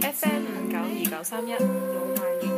FM 五九二九三一，老萬月。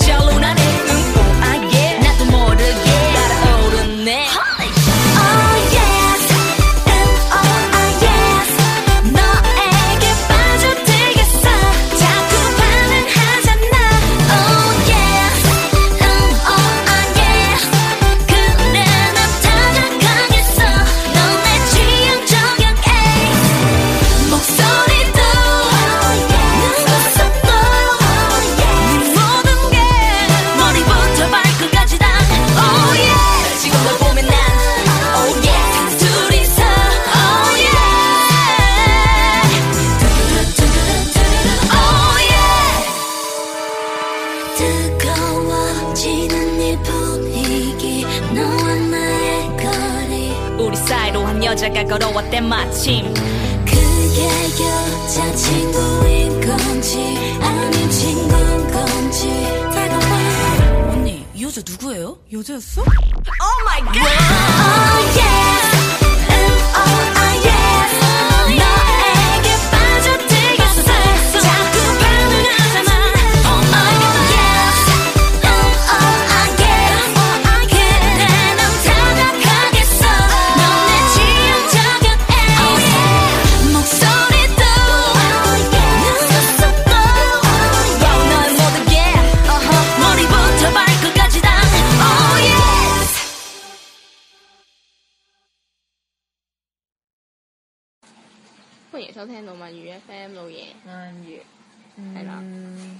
我聽到問語 F.M. 老爺，問語係啦。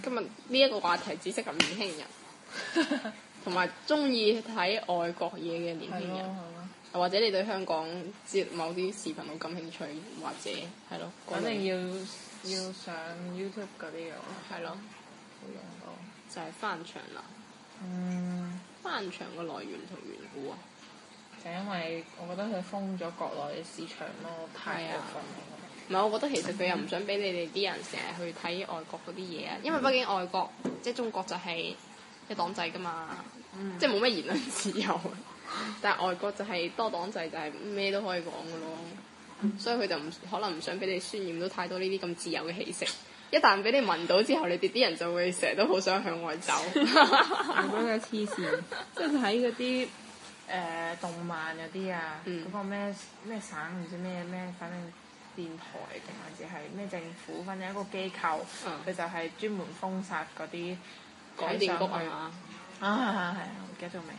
今日呢一個話題只適合年輕人，同埋中意睇外國嘢嘅年輕人，或者你對香港接某啲視頻好感興趣，或者係咯，肯定要要上 YouTube 嗰啲嘢咯，係咯了，冇用過就係翻牆啦。嗯，翻牆嘅來源同緣故，喎，就因為我覺得佢封咗國內嘅市場咯，太過唔係，我覺得其實佢又唔想俾你哋啲人成日去睇外國嗰啲嘢啊，因為畢竟外國即係中國就係一黨制噶嘛，嗯、即係冇乜言論自由。但係外國就係、是、多黨制，就係咩都可以講噶咯。所以佢就唔可能唔想俾你渲染到太多呢啲咁自由嘅氣息。一旦俾你聞到之後，你哋啲人就會成日都好想向外走。咁樣黐線，即係喺嗰啲誒動漫嗰啲啊，嗰個咩咩省唔知咩咩，反正。電台定還是係咩政府或者一個機構，佢就係專門封殺嗰啲改電局係嘛？啊係啊，係，我唔記得咗名。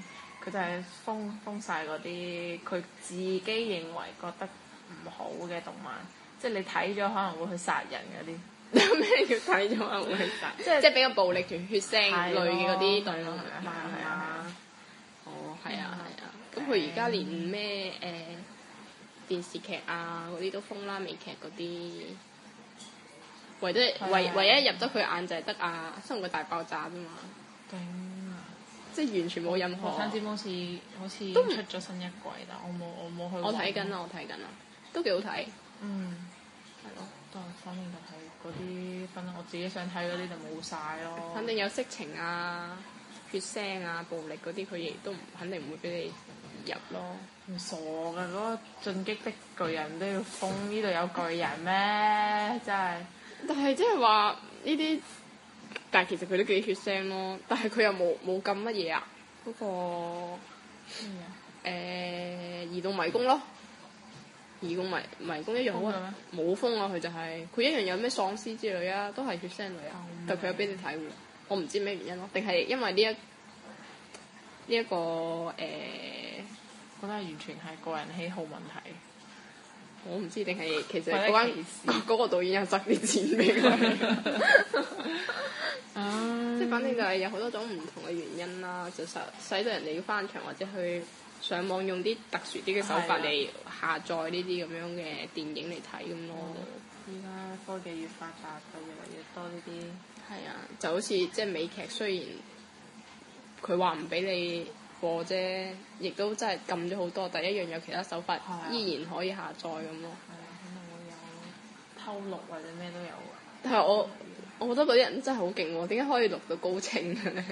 佢就係封封曬嗰啲佢自己認為覺得唔好嘅動漫，即係你睇咗可能會去殺人嗰啲。有咩要睇咗可能會去殺？即係即係比較暴力同血腥類嘅嗰啲動漫。係啊係啊，哦係啊係啊，咁佢而家連咩誒？電視劇啊嗰啲都封啦，美劇嗰啲，唯得唯唯一入得佢眼就係得《啊生活大爆炸》啫嘛。頂啊！即係完全冇任何。《貪賊》好似好似都出咗新一季，但係我冇我冇去。我睇緊啊，我睇緊啊，都幾好睇。嗯，係咯，但係反正就係嗰啲，反正我自己想睇嗰啲就冇晒咯。肯定有色情啊、血腥啊、暴力嗰啲，佢亦都唔肯定唔會俾你入咯。嗯唔傻嘅嗰、那個進擊的巨人都要封呢度 有巨人咩？真係。但係即係話呢啲，但係其實佢都幾血腥咯。但係佢又冇冇咁乜嘢啊？嗰、那個誒麼、欸、移動迷宮咯，移動迷迷宮一樣好啊，冇封啊佢就係、是、佢一樣有咩喪屍之類啊，都係血腥類啊。麼但係佢有俾你睇喎，我唔知咩原因咯，定係因為呢一呢一,一,一個誒？欸覺得完全係個人喜好問題我，我唔知定係其實嗰間嗰個導演又賺啲錢俾佢。即係反正就係有好多種唔同嘅原因啦，就使、使使到人哋要翻牆或者去上網用啲特殊啲嘅手法嚟下載呢啲咁樣嘅電影嚟睇咁咯。依家、啊嗯、科技越發達，就越嚟越多呢啲。係啊，就好似即係美劇，雖然佢話唔俾你。過啫，亦都真係撳咗好多，第一樣有其他手法依然可以下載咁咯。係啊、嗯樣嗯，可能會有偷錄或者咩都有。但係我我覺得嗰啲人真係好勁喎，點解可以錄到高清嘅咧？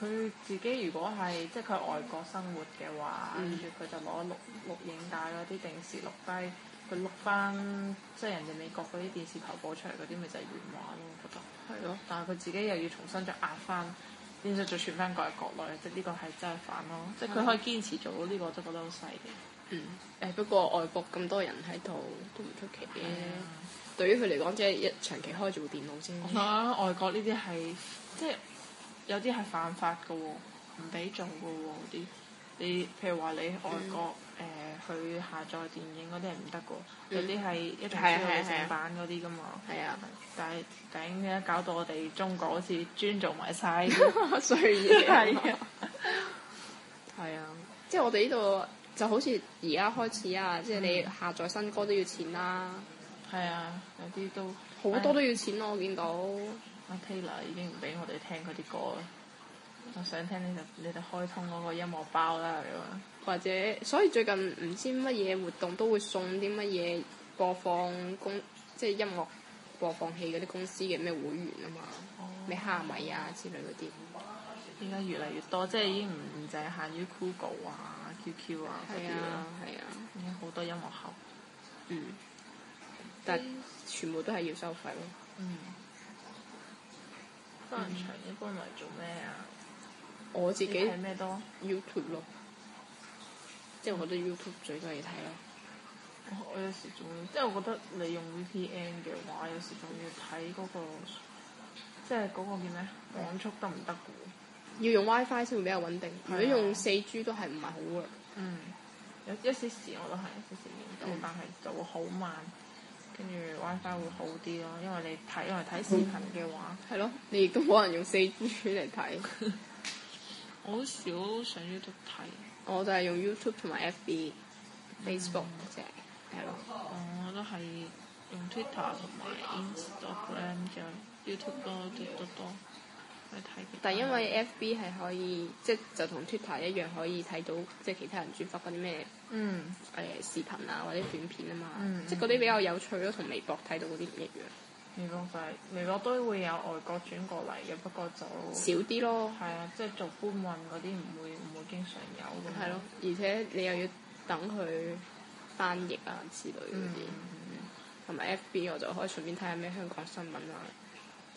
佢 自己如果係即係佢外國生活嘅話，跟住佢就攞錄錄影帶嗰啲定時錄低，佢錄翻即係人哋美國嗰啲電視台播出嚟嗰啲，咪就係原畫咯。我覺得係咯，的但係佢自己又要重新再壓翻。然之後再傳翻過去國內，即係呢個係真係犯咯，嗯、即係佢可以堅持做到、這、呢個，我都覺得好細嘅。嗯，誒、欸、不過外國咁多人喺度都唔出奇嘅。啊、對於佢嚟講，即係一長期開住部電腦先。我覺得外國呢啲係即係有啲係犯法嘅喎，唔俾做嘅喎啲。你譬如話你外國。嗯誒、呃、去下載電影嗰啲係唔得嘅喎，嗯、有啲係一定係正版嗰啲嘅嘛。係啊，但係頂嘅，搞到我哋中國好似尊重埋晒，衰嘢、嗯。係啊，係啊，即係我哋呢度就好似而家開始啊，即係、嗯、你下載新歌都要錢啦。係啊，有啲都好多都要錢咯、啊，哎、我見到。阿 Taylor 已經唔俾我哋聽佢啲歌啦，我想聽你就你哋開通嗰個音樂包啦咁。或者，所以最近唔知乜嘢活動都會送啲乜嘢播放公，即係音樂播放器嗰啲公司嘅咩會員啊嘛，咩蝦、oh. 米啊之類嗰啲。依家越嚟越多，即係已經唔唔凈限於 Google 啊、QQ 啊，係啊係啊，依家好多音樂盒。嗯。但係全部都係要收費咯。嗯。翻牆、嗯、一般嚟做咩啊？我自己睇咩多？YouTube 咯。即係我覺得 YouTube 最多係睇咯。我有時仲，即係我覺得你用 VPN 嘅話，有時仲要睇嗰、嗰個，即係嗰個叫咩？網速得唔得嘅？要用 WiFi 先會比較穩定，的如果用四 G 都係唔係好嘅。嗯。有一啲時，時我都係一啲時，唔時到，嗯、但係就會好慢。跟住 WiFi 會好啲咯，因為你睇因為睇視頻嘅話。係咯、嗯，你亦都冇可能用四 G 嚟睇。 我好少上 YouTube 睇。我就係用 YouTube 同埋 FB，Facebook 即係咯、嗯，就是嗯。我都係用 Tw Twitter 同埋 Instagram，YouTube 多睇得多去睇。但因為 FB 係可以即係就同、是、Twitter 一樣可以睇到即係、就是、其他人轉發嗰啲咩誒視頻啊或者短片啊嘛，即係嗰啲比較有趣咯，同微博睇到嗰啲唔一樣。微博就係，微博都會有外國轉過嚟嘅，不過就少啲咯。係啊，即係做搬運嗰啲唔會唔會經常有咁樣。係咯，而且你又要等佢翻譯啊之類嗰啲，同埋、嗯嗯嗯、F B 我就可以順便睇下咩香港新聞啊。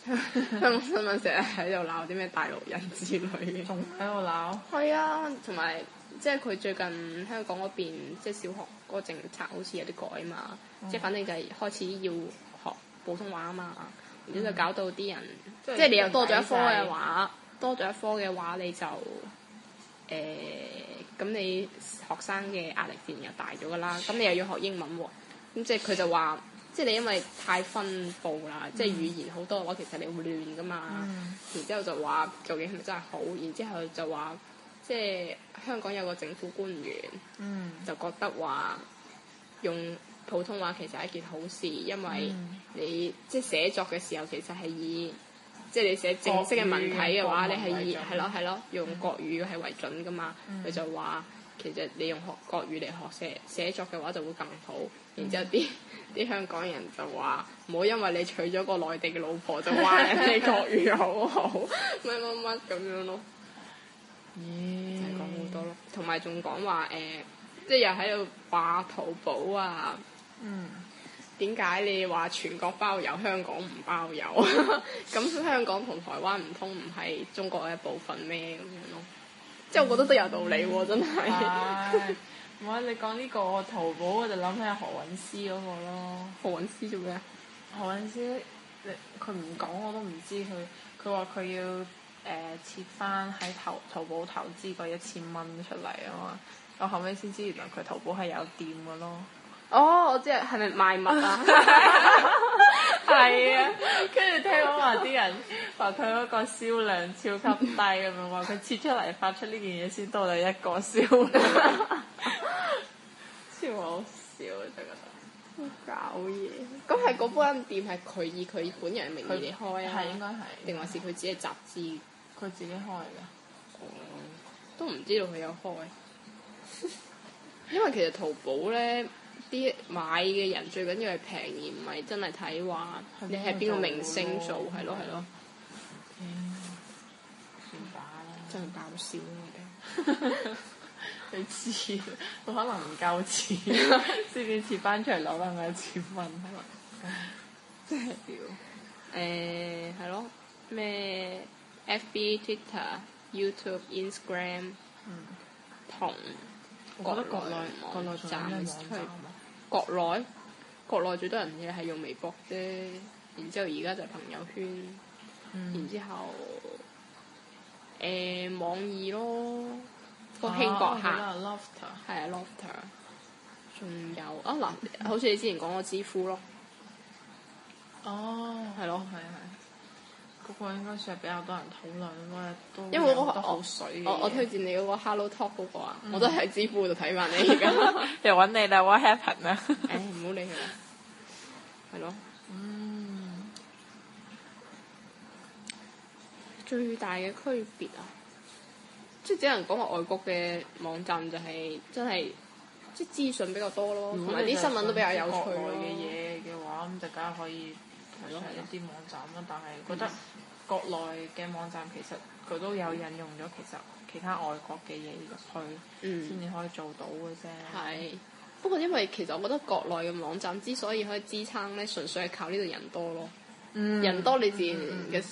香港新聞成日喺度鬧啲咩大陸人之類嘅，仲喺度鬧。係啊，同埋即係佢最近香港嗰邊即係小學嗰個政策好似有啲改嘛，嗯、即係反正就係開始要。普通話啊嘛，然之後就搞到啲人，嗯、即係你又多咗一科嘅話，嗯、多咗一科嘅話你就，誒、呃，咁你學生嘅壓力自然又大咗噶啦，咁你又要學英文喎、哦，咁即係佢就話，即係你因為太分佈啦，嗯、即係語言好多嘅話，其實你會亂噶嘛，嗯、然之後就話究竟係咪真係好，然之後就話，即係香港有個政府官員，嗯、就覺得話用，普通話其實係一件好事，因為你即係寫作嘅時候，其實係以、嗯、即係你寫正式嘅文體嘅話，你係以係咯係咯用國語係為準噶嘛。佢、嗯、就話其實你用學國語嚟學寫寫作嘅話就會更好。然之後啲啲、嗯、 香港人就話唔好因為你娶咗個內地嘅老婆就話人哋國語好好乜乜乜咁樣咯，Yeah. 就講好多咯。同埋仲講話誒，即係又喺度話淘寶啊～嗯，點解你話全國包郵，香港唔包郵？咁 香港同台灣唔通唔係中國嘅一部分咩？咁樣咯，即係我覺得都有道理喎，真係。唔係你講呢、呢個淘寶，我就諗起何韻詩嗰個咯。何韻詩做咩？何韻詩，你佢唔講我都唔知佢。佢話佢要誒撤翻喺淘淘寶投資嗰一千蚊出嚟啊嘛。我後尾先知原來佢淘寶係有店嘅咯。哦，oh，我知啊，係咪賣物啊？係 啊， 跟住聽講話啲人話佢嗰個銷量超級低，咁樣話佢切出嚟發出呢件嘢先多到一個銷量， 超好笑啊！真係覺得搞嘢。咁係嗰間店係佢以佢本人嘅名義開啊？係 應該係，定還是佢自己係雜誌佢 自己開噶、 嗯？都唔知道佢有開， 因為其實淘寶咧。啲買嘅人最緊要係平而唔係真係睇話你係邊個明星做，係咯係咯。嗯，算吧啦。真搞笑嘅。我 你知，我可能唔夠錢，黐幾黐翻牆攞翻個千蚊係咪？即係屌。誒、 就是，係、欸、咯，咩？FB、BA, Twitter YouTube,、嗯、YouTube、Instagram，同。我覺得國內網站。來國內，國內最多人嘅係用微博啫，然之後而家就朋友圈，嗯、然之後，誒、呃、網易咯，個輕博客，係啊，Lofter，仲、啊、有啊嗱，啊嗯、好似你之前講個知乎咯，哦，係對咯、嗯，係啊，係。嗰個應該算係比較多人討論咯，都因為嗰個牛水，我我推薦你嗰個 Hello Talk 嗰個啊，我都係喺知乎度睇返你而家又揾你啦，What happened 啊！唉，唔好理佢啦，係咯。嗯，最大嘅區別啊，即係只能講話外國嘅網站就係真係即係資訊比較多咯，同埋啲新聞都比較有趣。內嘅嘢嘅話，咁就梗係可以睇上一啲網站啦，但係覺得。國內嘅網站其實佢都有引用咗，其實其他外國嘅嘢去先至可以做到嘅啫。係、嗯，不過因為其實我覺得國內嘅網站之所以可以支撐咧，純粹係靠呢度人多咯。嗯嗯、人多你自然嘅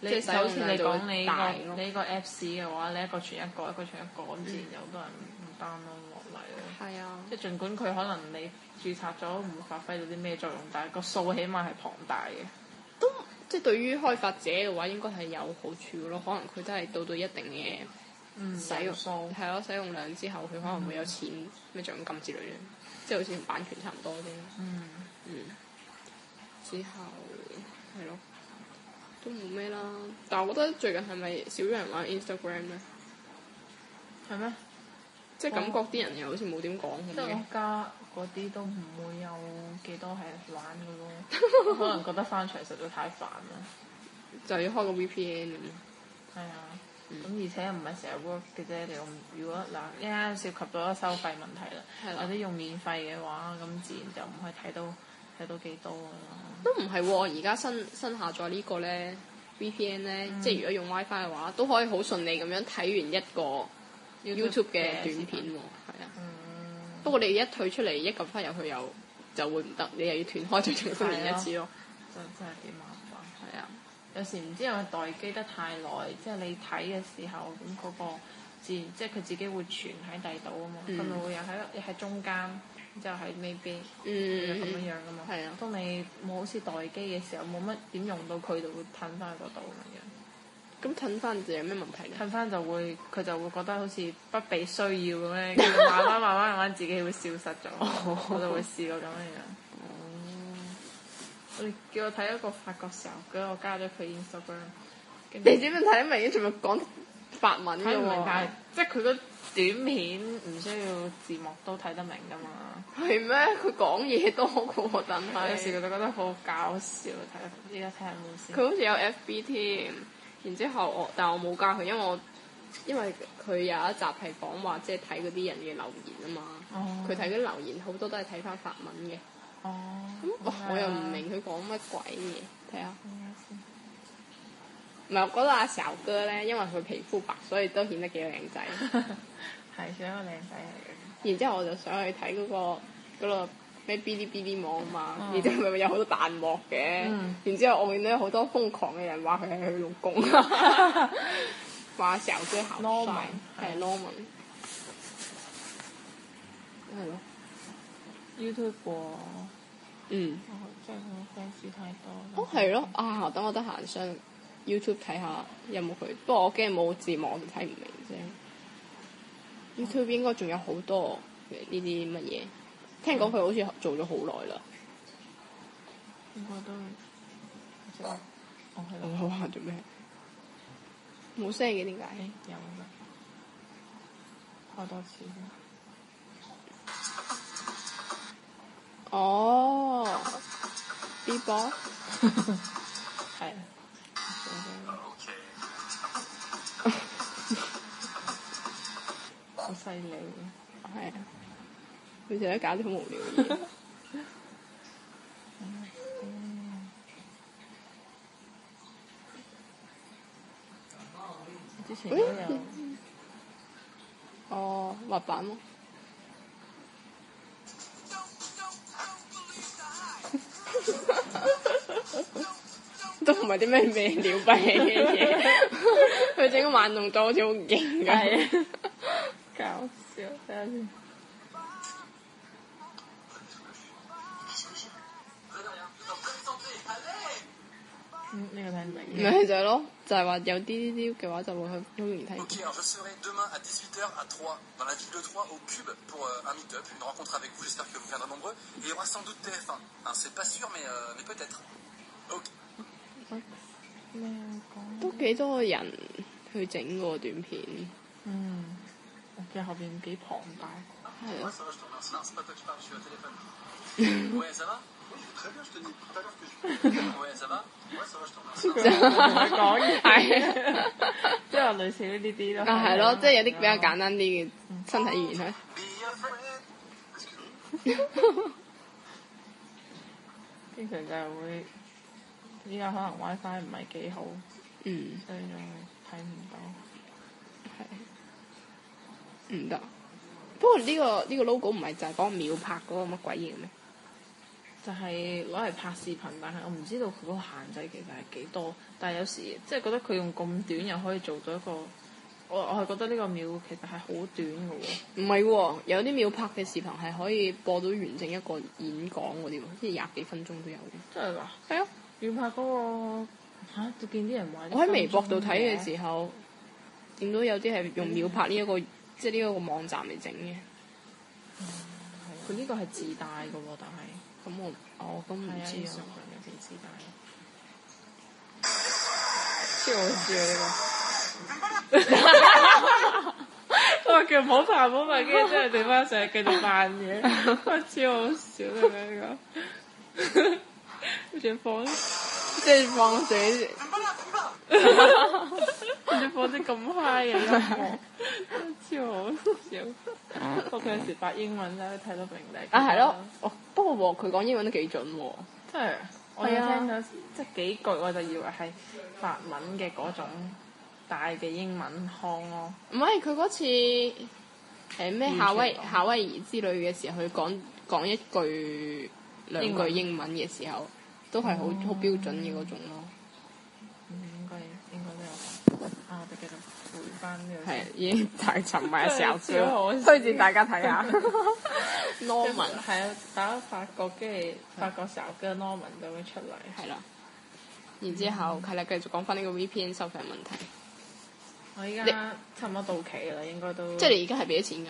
你即首先嚟講你，你、呢個你呢 Apps 嘅話，你一個傳一個，一個傳一個咁自然有好多人落單咯，落嚟咯。係啊，即係儘管佢可能你註冊咗唔會發揮到啲咩作用，但係個數起碼係龐大嘅。都。即係對於開發者嘅話，應該係有好處嘅咯。可能佢都係到到一定嘅、嗯、使用量係咯，嗯、使用量之後佢可能會,會有錢咩獎、嗯、金之類嘅，即係好似同版權差唔多啲。嗯嗯，之後係咯，都冇咩啦。但係我覺得最近係咪少咗人玩 Instagram 咧？係咩嗎？即係感覺啲人又好似冇點講咁嘅。而我嗎家嗰啲都唔會有。幾多係玩嘅咯？可能覺得翻牆實在太煩啦， 就要開個 VPN。係啊，咁而且唔係成日 work 嘅啫。你用如果嗱啱啱涉及咗收費問題對啦，或者用免費嘅話，咁自然就唔可以睇到睇到幾多啦。都唔係喎，而家新新下載個呢個咧 VPN 咧，嗯、即係如果用 WiFi 嘅話，都可以好順利咁樣睇完一個 YouTube 嘅短片喎。係啊，不過你一退出嚟，一撳翻入去又～就會唔得，你又要斷開再重新連一次咯。就真係幾麻煩，係啊了！有時唔知有冇待機得太耐，即係你睇嘅時候，咁、那、嗰個自然即係佢自己會存喺第度啊嘛，佢咪、嗯、會又喺喺中間，之後喺呢邊咁樣樣噶嘛。係啊了，當你冇好似待機嘅時候，冇乜點用到佢，就會噴翻去嗰度咁樣。咁褪翻就有咩問題？褪翻就會佢就會覺得好似不被需要咁樣，跟住慢慢慢慢慢慢自己會消失咗， 我就會試過咁樣樣。哦、oh. 嗯，我哋叫我睇一個法國秀，跟住我加咗佢 Instagram。你點樣睇？唔係，仲要講法文嘅喎。耶 即係佢嘅短片唔需要字幕都睇得明㗎嘛？係咩？佢講嘢多過是 我。等下有時我就覺得好搞笑，睇依家睇下冇事。佢好似有 FB 添、嗯。然之後我，但係我冇加佢，因為我因為佢有一集係講話即係睇嗰啲人嘅留言啊嘛，佢睇啲留言好多都係睇翻法文嘅，咁我又唔明佢講乜鬼嘢。睇下先，唔係我覺得阿韶哥咧，因為佢皮膚白，所以都顯得幾靚仔。係一 個靚仔嚟嘅。然之後我就想去睇嗰個嗰個。嗰個嗰個咩 Bilibili 網，啊嘛，然之後咪有好多彈幕嘅，mm. 然之後我見到好多瘋狂嘅人話佢係佢老公，yes.，話小姐好帥，係 Norman，係咯，YouTube，嗯，即係我 fans 太多。哦，係咯，啊，等我得閒上 YouTube 睇下有冇佢，不過我驚冇字幕我就睇唔明啫。YouTube 應該仲有好多呢啲乜嘢。聽講佢好似做咗好耐啦，應該都係。我係、欸。我話做咩？冇聲嘅點解？有嘅。開多次先。哦。B box。係。OK。好犀利，係啊。佢成日搞啲好無聊嘅嘢。 之前都有。 哦，滑板咯。 都唔係啲咩名流班嘅嘢，佢整個萬能組好似好勁咁。係。搞笑，睇 下先。呢個聽唔明，唔係就係咯，就係話有啲啲嘅話就會去好容易睇。都幾多人去整個短片，嗯，跟住後邊幾龐大。即係類似呢啲咯。啊，係咯，即係有啲比較簡單啲嘅身體語言。經常就係會依家可能 WiFi 唔係幾好，嗯，所以就睇唔到。唔得？不過呢個呢個 logo 唔係就係講秒拍嗰個乜鬼嘢咩？就係攞嚟拍視頻，但係我唔知道佢嗰個限制其實係幾多。但係有時即係覺得佢用咁短又可以做到一個，我我係覺得呢個秒其實係好短嘅喎。唔係喎，有啲秒拍嘅視頻係可以播到完整一個演講嗰啲喎，即係廿幾分鐘都有嘅。真係㗎？係啊，秒拍嗰個吓、就、見啲人話。我喺微博度睇嘅時候，見到有啲係用秒拍呢、呢、一個，嗯、即係呢一個網站嚟整嘅。佢呢、嗯啊、個係自帶嘅喎，但係。咁我我都唔知啊！超好笑呢個，我話叫唔好拍唔好拍，跟住真係跌翻上嚟繼續扮嘢，超好笑呢個，想放即係放水，想放啲咁 high 嘅。超好笑！佢有 時發英文真係睇到明哋啊，係咯，我、哦、不過佢講英文都幾準喎，真係。我有聽到即係幾句我就以為係法文嘅嗰種大嘅英文腔咯、啊。唔係佢嗰次係咩夏威夏威夷之類嘅時候，佢講講一句兩句英文嘅時候，都係好好標準嘅嗰種咯、哦嗯。應該應該都有啱，我記得。係已經太沉迷嘅時候，推薦大家睇下。Norman 大係打到法國機，法國手嘅 Norman 就會出嚟。係啦，然之後係啦，繼續講翻呢個 VPN 收費問題。我而家差唔多到期啦，應該都即係你而家係俾咗錢㗎？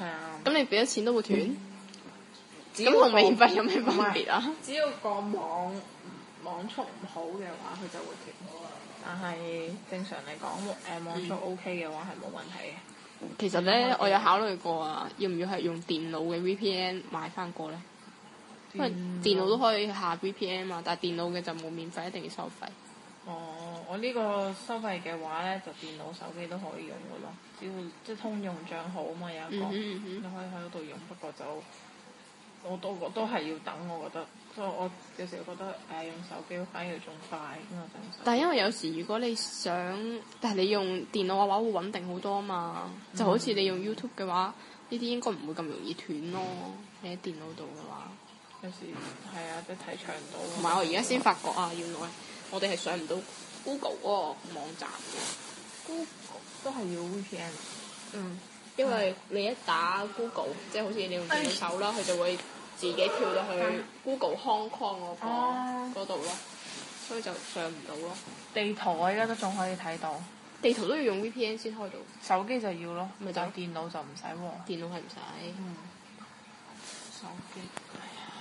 係啊，咁你俾咗錢都會斷？咁同免費有咩分別啊？只要過網。網速唔好嘅話，佢就會斷。但係正常嚟講，誒網速 OK 嘅話係冇問題嘅、嗯。其實咧，嗯、我有考慮過啊，要唔要係用電腦嘅 VPN 買翻個咧？話因為電腦都可以下 VPN 啊嘛，但係電腦嘅就冇免費，一定要收費。哦，我呢個收費嘅話咧，就電腦、手機都可以用嘅咯，只要即係通用賬號啊嘛，有一個嗯哼嗯哼你可以喺嗰度用。不過就～我都我都係要等，我覺得，所以我有時覺得誒、呃、用手機反而仲快，但係因為有時如果你想，但係你用電腦嘅話會穩定好多啊嘛，嗯、就好似你用 YouTube 嘅話，呢啲應該唔會咁容易斷咯。你喺、嗯、電腦度嘅話，有時係啊，即係睇長度。同埋是我而家先發覺啊，原來、啊、you know, 我哋係上唔到 Google 嗰個網站嘅。Google 都係要 VPN。嗯。因為你一打 Google，即係好似你用手啦，佢就會自己跳到去 Google Hong Kong 嗰個度咯，所以就上唔到咯。地圖我而家都仲可以睇到。地圖都要用 VPN 先開到。手機就要咯，咪就電腦就唔使喎。電腦係唔使。手機係啊，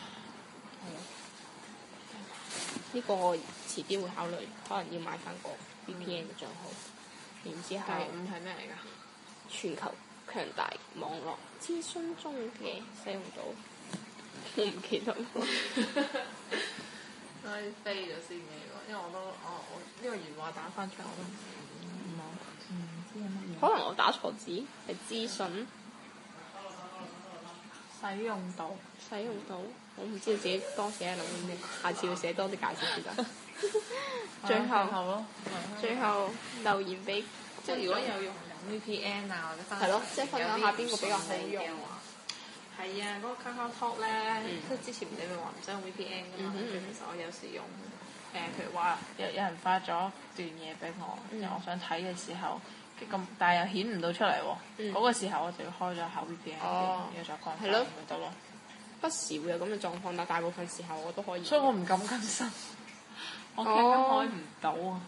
係。呢個遲啲會考慮，可能要買翻個 VPN 嘅帳號。然之後。第五係咩嚟㗎？全球。強大網絡資訊中嘅使用度，我唔記得。可，可以飛咗先嘅，因為我都，哦、我我呢個原話打翻出嚟我都唔、嗯嗯、知。好，唔知可能我打錯字，係資訊。使用度，使用度，我唔知道自己多寫咗啲咩，下次要寫多啲解釋先得。 最後，啊、好好看看最後留言俾。即係如果有用 VPN 啊或者翻，係咯，即係分享下邊個比較常用。係啊，嗰個卡卡 Talk 咧，即係之前你咪話唔使用 VPN 㗎嘛？跟住其實我有時用誒，譬如話有有人發咗段嘢俾我，然後我想睇嘅時候，咁但係又顯唔到出嚟喎。嗰個時候我就要開咗下 VPN，然後再關，係咯，咪得咯。不時會有咁嘅狀況，但大部分時候我都可以。所以我唔敢更新，我驚開唔到啊。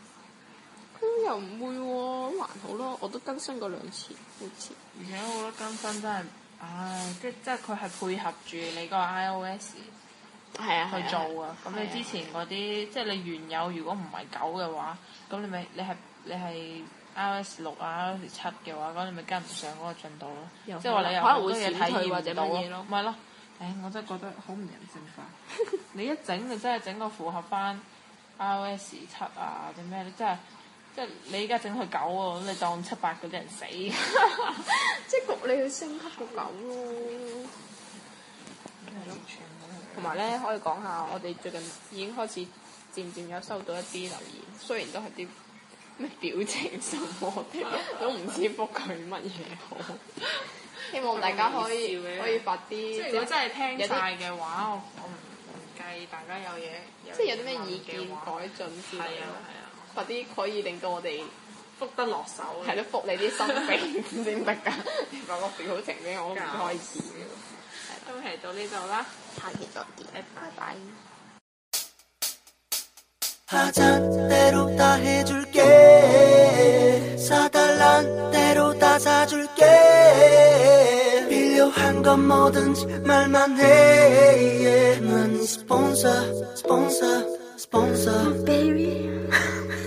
又唔會喎。哦，還好咯。我都更新過兩次，好似。而且我覺得更新真係，唉，即即係佢係配合住你個 i o s 係啊去做啊。咁你之前嗰啲，啊、即係你原有如果唔係九嘅話，咁，啊、你咪你係你係 i o s 六啊 i o s 七嘅話，咁你咪跟唔上嗰個進度咯。好即係話你又可能會試退或者乜嘢咯。係咯，唉，我真係覺得好唔人性化。 你一整就真係整個符合翻 i o s 七啊，定咩咧？你真係。即係你而家整佢九啊，咁你當七八嗰啲人死， 即係焗你去升級個九咯。係咯、嗯，同埋咧可以講下，我哋最近已經開始漸漸有收到一啲留言，雖然都係啲咩表情什麼，都唔知覆佢乜嘢好。 希望大家可以可以發啲，即係如果真係聽曬嘅話，些我我唔唔介意大家有嘢。有即係有啲咩意見話改進之類咯。發啲可以令到我哋復得落手，係咯，復你啲心病先得㗎。我個表情我唔可以笑。都係、嗯、到呢度啦。下期再見。拜拜。